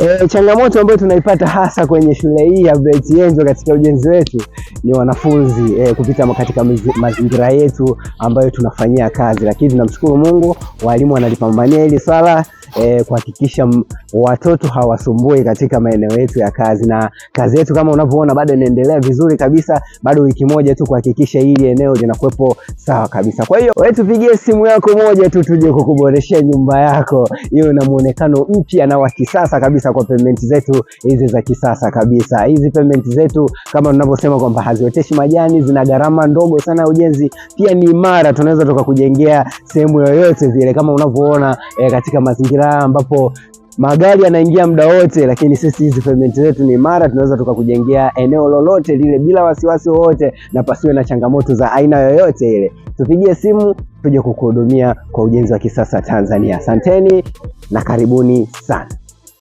E, changamoto ambayo tunaipata hasa kwenye shule hii ya Beth Enzo katika ujenzi wetu ni wanafunzi e, kupita katika mazingira yetu ambayo tunafanyia kazi, lakini tunamshukuru Mungu, walimu wanalipambania hili swala e, kuhakikisha watoto hawasumbui katika maeneo yetu ya kazi, na kazi yetu kama unavyoona bado inaendelea vizuri kabisa, bado wiki moja tu kuhakikisha hili eneo linakuwepo sawa kabisa. Kwa hiyo wewe, tupigie simu yako moja tu tuje kukuboreshea nyumba yako iwe na muonekano mpya na wa kisasa kabisa kabisa kwa pavement zetu hizi za kisasa kabisa. Hizi pavement zetu kama tunavyosema kwamba hazioteshi majani, zina gharama ndogo sana ya ujenzi, pia ni imara, tunaweza tukakujengea sehemu yoyote vile kama unavyoona eh, katika mazingira ambapo magari yanaingia muda wote, lakini sisi hizi pavement zetu ni imara, tunaweza tukakujengea eneo lolote lile bila wasiwasi wowote, na pasiwe na changamoto za aina yoyote ile. Tupigie simu tuje kukuhudumia kwa ujenzi wa kisasa Tanzania. Asanteni na karibuni sana.